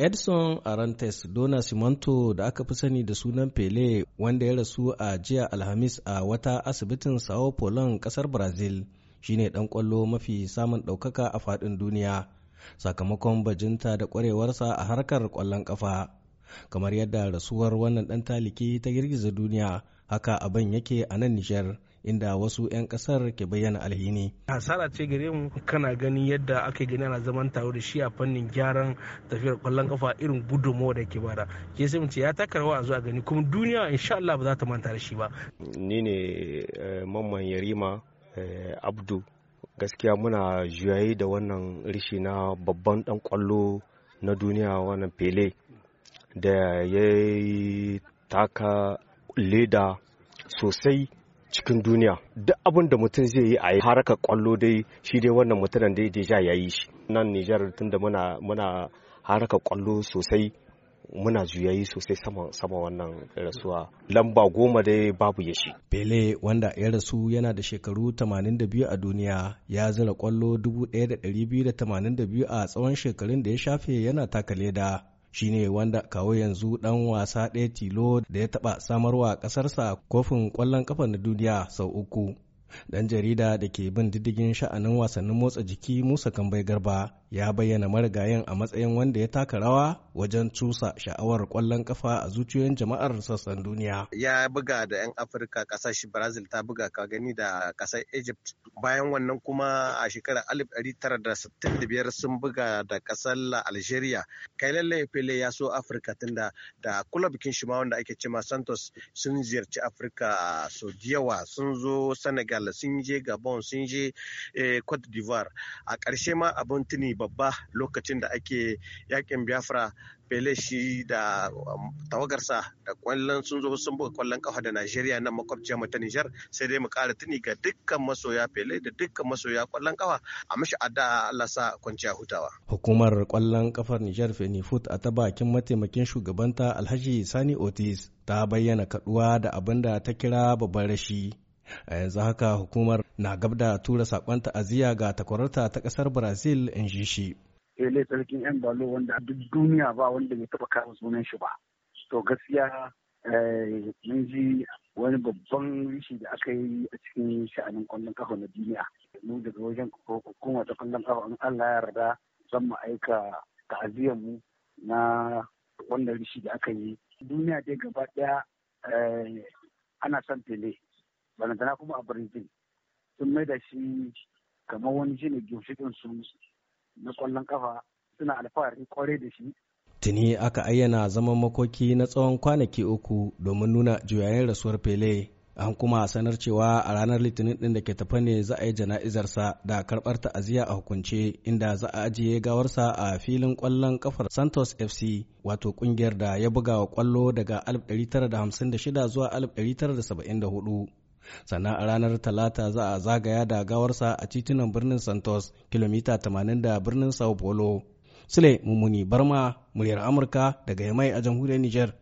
Edson Arantes Dona Simanto da aka fi sani da sunan Pele wanda ya rasu a jiya Alhamis a wata asibitin Sao Paulo kasar Brazil shine dan kwallo mafi samun ɗaukaka a faɗin duniya sakamakon bajinta da ƙwarewarsa a harkar kwallon ƙafa. Kamar yadda rasuwar wannan dan taliki ta girgiza duniya haka abin yake a nan Nijar inda wasu 'yan kasar ke bayyana alhini. Hasara ce gare mu kana ganin yadda aka gani ana zaman taro da shi a fannin gyaran tafiyar kwallon kafa irin gudunmawa da ke bada. Ke sai ce ya taka rawa a zuwa gani kuma duniya insha Allah ba za ta manta da shi ba. Ni ne eh, mamman Yarima eh, Abdu gaskiya muna juyayi da wannan rishi na babban dan kwallo na duniya wannan Pele da ya taka leda sosai cikin duniya duk abin da mutum zai yi a yi haraka kwallo dai shi dai wannan mutumin dai deja ya yi shi nan Nijar tunda muna muna haraka kwallo sosai muna juyayi sosai sama sama wannan rasuwa lamba goma dai babu ya shi. bele wanda ya rasu yana da shekaru 82 a duniya ya zira kwallo 1282 a tsawon shekarun da ya shafe yana taka leda. shine wanda kawo yanzu dan wasa ɗaya tilo da ya taɓa samarwa ƙasarsa kofin ƙwallon ƙafa na duniya sau uku. Dan jarida da ke bin diddigin sha'anin wasannin motsa jiki Musa Kambai Garba ya bayyana marigayen a matsayin wanda ya taka rawa wajen cusa sha'awar kwallon kafa a zuciyoyin jama'ar sassan duniya. Ya buga da 'yan Afirka kasar Brazil ta buga ka gani da kasar Egypt. Bayan wannan kuma a shekarar 1965 sun buga da kasar Algeria. Kai lalle Pele ya so Afirka tunda da kula bikin shi ma wanda ake cema Santos sun ziyarci Afirka sau da yawa sun zo Senegal senegal sun je gabon sun je eh, cote d'ivoire a ƙarshe ma abin tuni babba lokacin da ake yakin biafra Pele shi da um, tawagarsa da kwallon sun zo sun buga kwallon kafa da Najeriya na makwabciya mu ta Nijar sai dai mu ƙara tuni ga dukkan masoya Pele da dukkan masoya kwallon kafa a mashi adda Allah sa kwanciya hutawa. Hukumar kwallon kafar Nijar Fenifut a ta bakin mataimakin shugabanta Alhaji Sani Otis ta bayyana kaduwa da abin da ta kira babban rashi a yanzu haka hukumar na gab da tura sakon ta'aziyya ga takwararta ta kasar brazil in ji shi ele eh, sarkin yan balo wanda duk duniya ba wanda bai taba kawo sunan shi ba to gaskiya eh, mun ji wani babban rishi da aka yi a cikin sha'anin kwallon kafa na duniya mu daga wajen hukumar ta kwallon kafa in allah ya yarda zan mu aika ta'aziyyar mu na wannan rishi da aka yi duniya dai gaba daya eh, ana son fele balantana kuma a birnin sun mai da shi kamar wani shi ne ginshiƙin su na ƙwallon kafa suna alfahari kwarai da shi tuni aka ayyana zaman makoki na tsawon kwanaki uku domin nuna juyayen rasuwar pele an kuma sanar cewa a ranar litinin ɗin da ke tafa ne za a yi jana'izarsa da karɓar ta'aziyya a hukunce inda za a ajiye gawarsa a filin ƙwallon kafar santos fc wato ƙungiyar da ya buga wa ƙwallo daga 1956 zuwa 1974 sannan a ranar talata za a zagaya da gawarsa a titunan birnin santos kilomita 80 da birnin sao paulo sule mummuni barma muryar amurka daga yamai a jamhuriyar niger